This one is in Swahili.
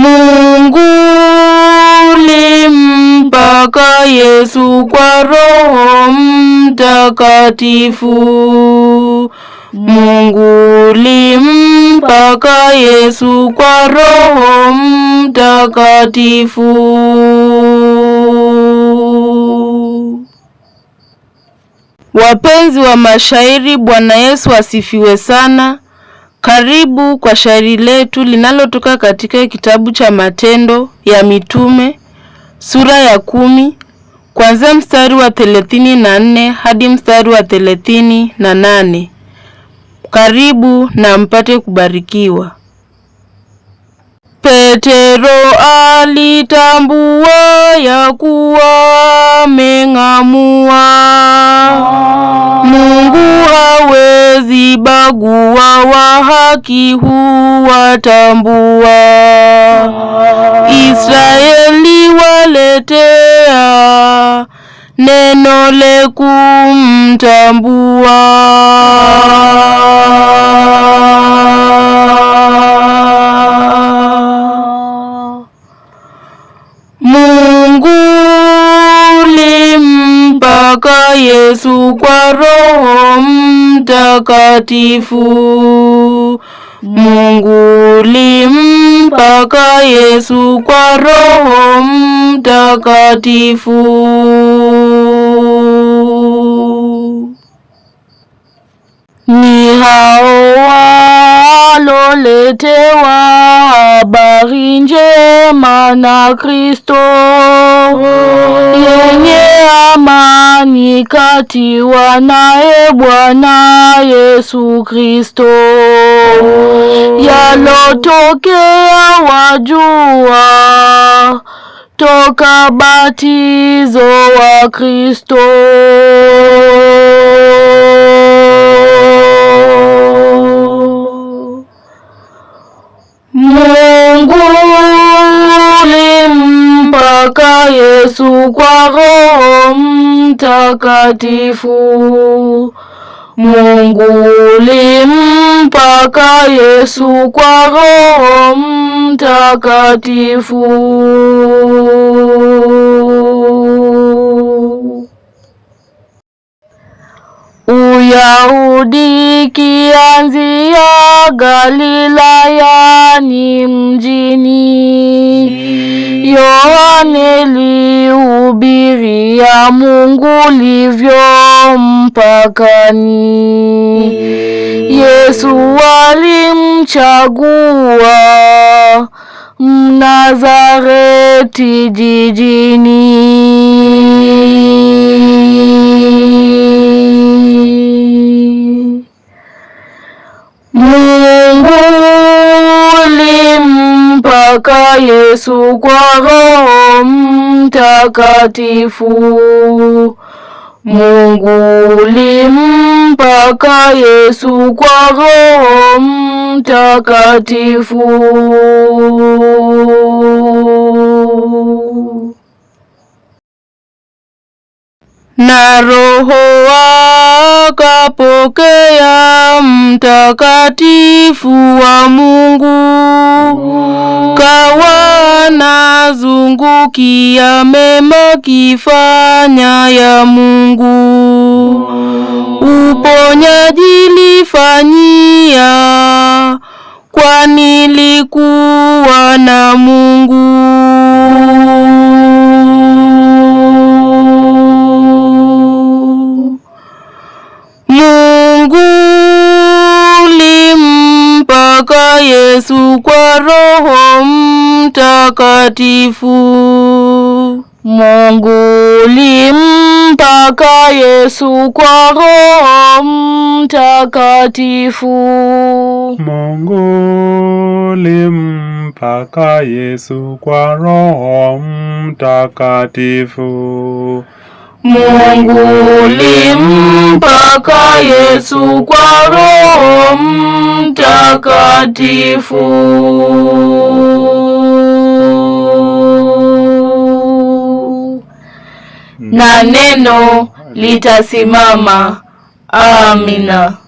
Mungu limpaka Yesu kwa Roho Mtakatifu. Mungu limpaka Yesu kwa Roho Mtakatifu. Wapenzi wa mashairi, Bwana Yesu asifiwe sana. Karibu kwa shairi letu linalotoka katika kitabu cha Matendo ya Mitume sura ya kumi kuanzia mstari wa thelathini na nne hadi mstari wa thelathini na nane. Karibu na mpate kubarikiwa. Petero alitambua ya kuwa ameng'amua Mungu hawezi bagua, wa haki huwatambua. Israeli waletea neno le kumtambua. Mungu limpaka Yesu kwa Roho Mtakatifu. Mungu limpaka Yesu kwa Roho Mtakatifu. Ni hao walolete habari njema na Kristo yenye amani kati wanaye Bwana Yesu Kristo yalotokea wajua toka batizo wa Kristo. Yesu kwa Roho Mtakatifu. Mungu ulimpaka Yesu kwa Roho Mtakatifu. Uyahudi kianzia Galilaya ni mjini Yo nilihubiria Mungu livyo mpakani. Yesu alimchagua Mnazareti jijini mpaka Yesu kwa Roho Mtakatifu. Mungu ulimpaka Yesu kwa Roho Mtakatifu na Roho akapokea mtakatifu wa Mungu kawa nazungukia mema kifanya ya Mungu uponyaji lifanyia kwani likuwa na Mungu Yesu kwa Roho Mtakatifu. Mungu limpaka Yesu kwa Roho Mtakatifu. Mungu limpaka Yesu kwa Roho Mtakatifu. Mungu limpaka Yesu kwa Roho Mtakatifu. Na neno litasimama. Amina.